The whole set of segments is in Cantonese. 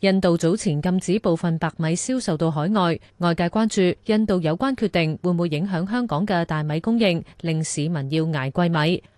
印度早前禁止部分白米銷售到海外，外界關注印度有關決定會唔會影響香港嘅大米供應，令市民要挨貴米。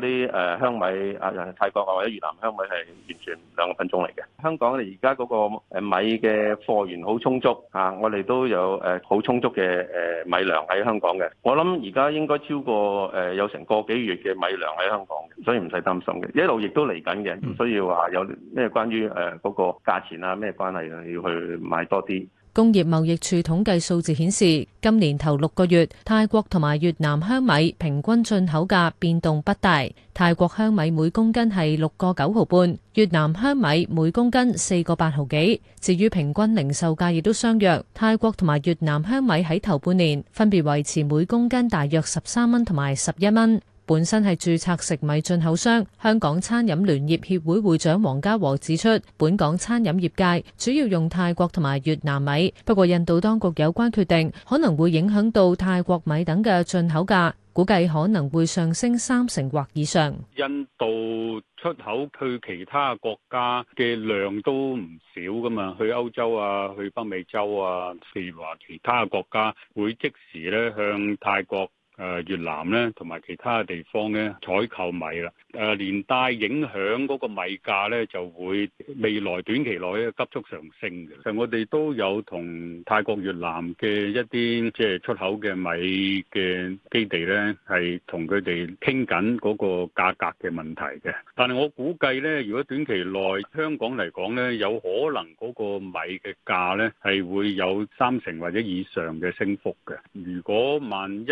啲誒香米啊，泰國啊或者越南香米係完全兩個品種嚟嘅。香港咧而家嗰個誒米嘅貨源好充足啊，我哋都有誒好充足嘅誒米糧喺香港嘅。我諗而家應該超過誒有成個幾月嘅米糧喺香港，所以唔使擔心嘅。一路亦都嚟緊嘅，唔需要話有咩關於誒嗰個價錢啊咩關係啊，要去買多啲。工業貿易處統計數字顯示，今年頭六個月，泰國同埋越南香米平均進口價變動不大。泰國香米每公斤係六個九毫半，越南香米每公斤四個八毫幾。至於平均零售價亦都相若，泰國同埋越南香米喺頭半年分別維持每公斤大約十三蚊同埋十一蚊。本身係註冊食米進口商，香港餐飲聯業協會會長黃家和指出，本港餐飲業界主要用泰國同埋越南米，不過印度當局有關決定，可能會影響到泰國米等嘅進口價，估計可能會上升三成或以上。印度出口去其他國家嘅量都唔少噶嘛，去歐洲啊，去北美洲啊，譬如話其他國家會即時咧向泰國。誒、呃、越南咧，同埋其他嘅地方咧採購米啦，誒、呃、連帶影響嗰個米價咧，就會未來短期內急速上升嘅。其實我哋都有同泰國、越南嘅一啲即係出口嘅米嘅基地咧，係同佢哋傾緊嗰個價格嘅問題嘅。但係我估計咧，如果短期內香港嚟講咧，有可能嗰個米嘅價咧係會有三成或者以上嘅升幅嘅。如果萬一，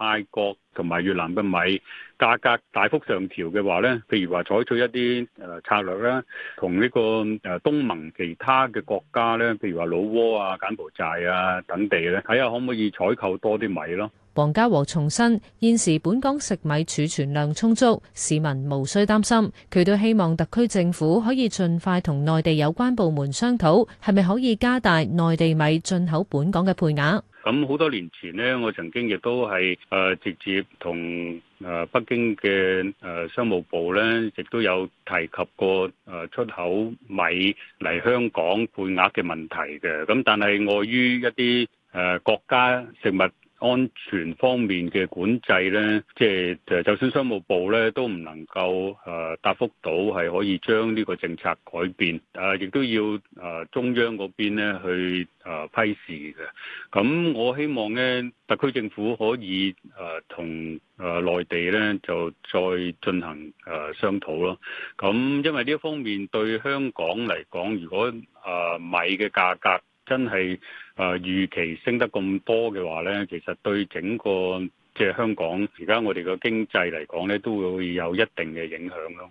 泰國。同埋越南嘅米價格大幅上調嘅話咧，譬如話採取一啲誒策略啦，同呢個誒東盟其他嘅國家咧，譬如話老撾啊、柬埔寨啊等地咧，睇下可唔可以採購多啲米咯。黃家和重申現時本港食米儲存量充足，市民無需擔心。佢亦都希望特區政府可以盡快同內地有關部門商討，係咪可以加大內地米進口本港嘅配額。咁好多年前咧，我曾經亦都係誒直接。同誒北京嘅誒商務部咧，亦都有提及過誒出口米嚟香港配額嘅問題嘅，咁但係礙於一啲誒國家食物安全方面嘅管制呢，即係誒，就算商務部呢都唔能夠誒答覆到係可以將呢個政策改變，誒、呃、亦都要誒、呃、中央嗰邊呢去誒、呃、批示嘅。咁我希望呢特區政府可以誒同誒內地呢就再進行誒、呃、商討咯。咁因為呢一方面對香港嚟講，如果誒、呃、米嘅價格，真係誒、呃、預期升得咁多嘅話咧，其實對整個即係香港而家我哋嘅經濟嚟講咧，都會有一定嘅影響咯。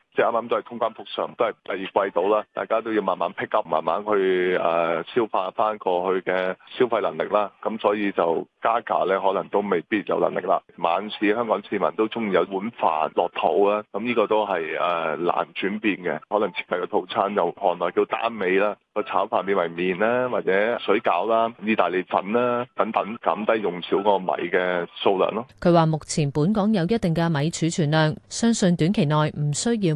即係啱啱都係通關復常，都係第二季度啦，大家都要慢慢辟急，慢慢去誒消化翻過去嘅消費能力啦。咁所以就加價咧，可能都未必有能力啦。晚市香港市民都中意有碗飯落肚啊，咁呢個都係誒難轉變嘅。可能設計嘅套餐由原來叫單味啦，個炒飯變為麵啦，或者水餃啦、意大利粉啦等等，減低用少個米嘅數量咯。佢話目前本港有一定嘅米儲存量，相信短期內唔需要。